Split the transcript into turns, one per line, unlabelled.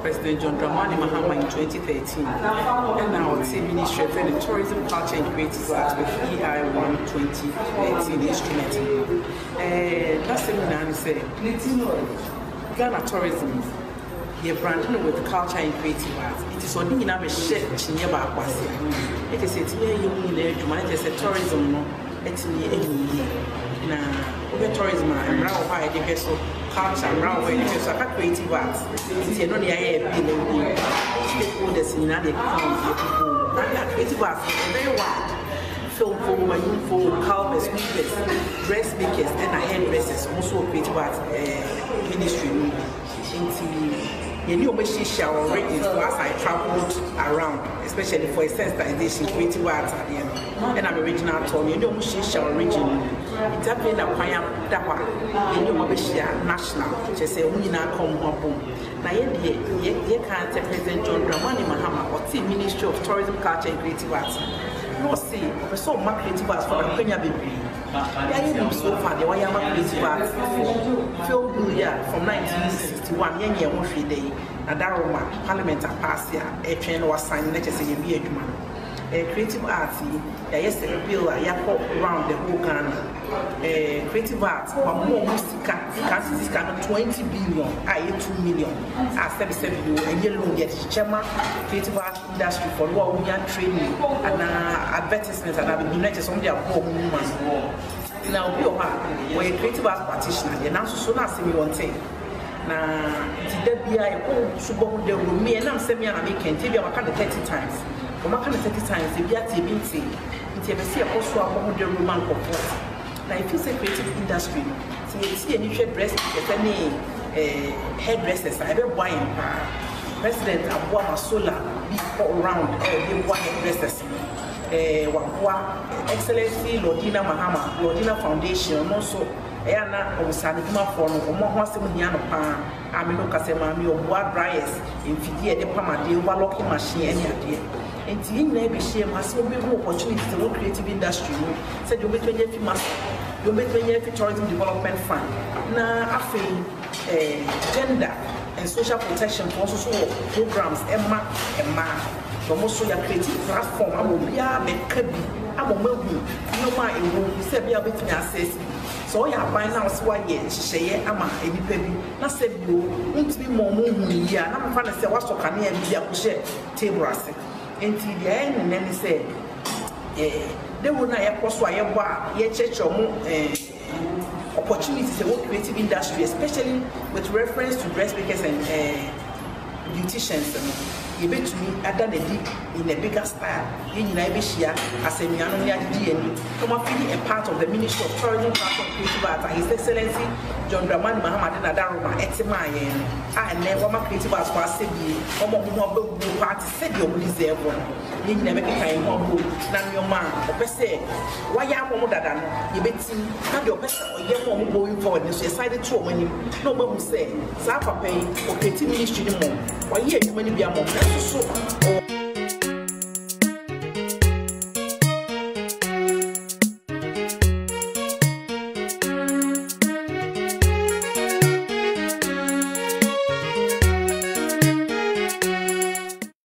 President John Dramani Mahama in 2013, and now it's Ministry of Food, Tourism, Culture and Creative Arts with EI1 2013 instrument. Uh, that seminar is uh, Ghana Tourism yɛ brand no with culture and creative arts nti sɛ ɔde nyinaa bɛhyɛ kyiniiɛ baako ase ɛkyɛ sɛ ɛtumi ayɛ mu nyinaa adwuma ɛkyɛ sɛ tourism no ɛtumi ɛyɛ yie na wobɛ tourism I'm now hɔ a yɛde so culture brown wɔ ɛnitwi so aka creative art nti ɛno ne ayɛ ɛbi na ɛbi stakeholders nyinaa de ɛkeka wɔn fie kuku na aka creative art ɛbɛyɛ wide filmfo mayimfo calvers weavers dressmakers ɛna hairdressers wɔn nso wɔ creative art ɛɛ ministry no nti you knew she our ratings so as I traveled around, especially for a sensitization, creative arts at the end. And I'm original tour, you know she our region. It's up in a choir that one, you know she national, she say, we now come home. Now, yet, yet, yet, can't President John Dramani Mahama or the Ministry of Tourism, Culture and Creative Arts. No, see, we saw my creative arts for the Kenya baby yɛyɛ nim so fa deɛ wɔyɛ ama creative art film bill yɛ from 1961 yɛnyɛ ho hwee dɛ na daroma parliament apaase a ɛtwɛn no wasan no na kyɛ sɛ yɛbi adwuma uh, creative art yi yɛayɛ sɛ bill a yɛakɔ round the whole ghana uh, creative art wɔn a wɔn sika sika sisi sika no twenty billion a yɛ two million a sɛbisɛbi do ɛnyɛ loan yɛ hyehyɛ ma creative art industry for wɔn a wɔn nya training anaa advertisement anaa bibi na kyɛ sɛ wɔn de abɔ wɔn mu ma na obi wɔ hɔ a wɔyɛ creative art practitioner yɛn nan so na asɛm yi wɔn tɛ na nti da bia yɛkɔ subɔ ho da wuro mi yɛnam sɛ mi a na mi kɛntɛ bi a waka de thirty times ɔmaka no thirty times ebi ate ebi nti nti ɛbɛsi ɛkɔ so akɔ ho de roma nkɔfo na efi sɛ creative industry no ti eti ani hwɛ breast kɛtɛ ne ɛɛ hair dressers a ɛbɛboa yɛn paa president aboa ma solar bi kɔ round ɛɛ de boa hair dressers no ɛɛ waboa excellency lordina mahama lordina foundation ɔno nso ɛyɛ ana ɔwosane dumafoɔ no ɔmo ho asɛm hia no paa a me no kasa maame ɔboa dryers mfidie ɛde pam adeɛ walɔki machine ɛne adeɛ nti yɛn nyinaa bi hyia mu ase wobɛhu opportunity sɛ wɔ creative industry mu sɛdeɛ wobɛtumi anya fi mas wobɛtumi anya fi tourism development fund na afei eh, gender and social protection fo nso so wɔ programs ɛma mmaa na wɔn nso yɛ creative platform ama obiara bɛka bi ama wɔn ahu nneɛma a ɛwɔ mu sɛ bi a wobɛtumi asɛs bi sɛ ɔyɛ aban na ɔsɛ wayɛ nhyehyɛeɛ ama nnipa bi na sɛ bio ntumi ma ɔmo hu yie a na mofa no sɛ wasɔ kanea bi bi akɔhyɛ table ase nti deɛ ɛyɛ nenɛ ne sɛ ɛɛ dewu no a yɛkɔ so a yɛbɔ a yɛkyerɛkyerɛ ɔmo ɛɛ opportunities ɛwɔ creative industry especially with reference to dress makers and Uh, beauticians no yɛbɛtumi ada na di in a bigger style yɛn nyinaa yɛbɛhyia asɛnnuanom ne adidi yɛn ni kɔma fili a part of the ministry of tourism part of creative arts a his excellency john dramani mahama de nada roma ɛte maa yɛn no a ɛnɛ wɔma creative arts kɔ asɛbie wɔn a wɔn ho abɛgu kɔ ate sɛdeɛ wɔn de no yɛn nyinaa bɛkeka yɛn ho ɔmo na nneɛma a ɔpɛ sɛ wayɛ ama ɔmo dada no yɛbɛtim na deɛ ɔpɛ sɛ ɔyɛ ma ɔmo going forward no so yɛsaade to ɔmo anim na ɔmo sɛ saa papa yi ɔpɛ ministry no mu ɔyɛ adwuma no bi ama ɔmo na soso ɔwɔ.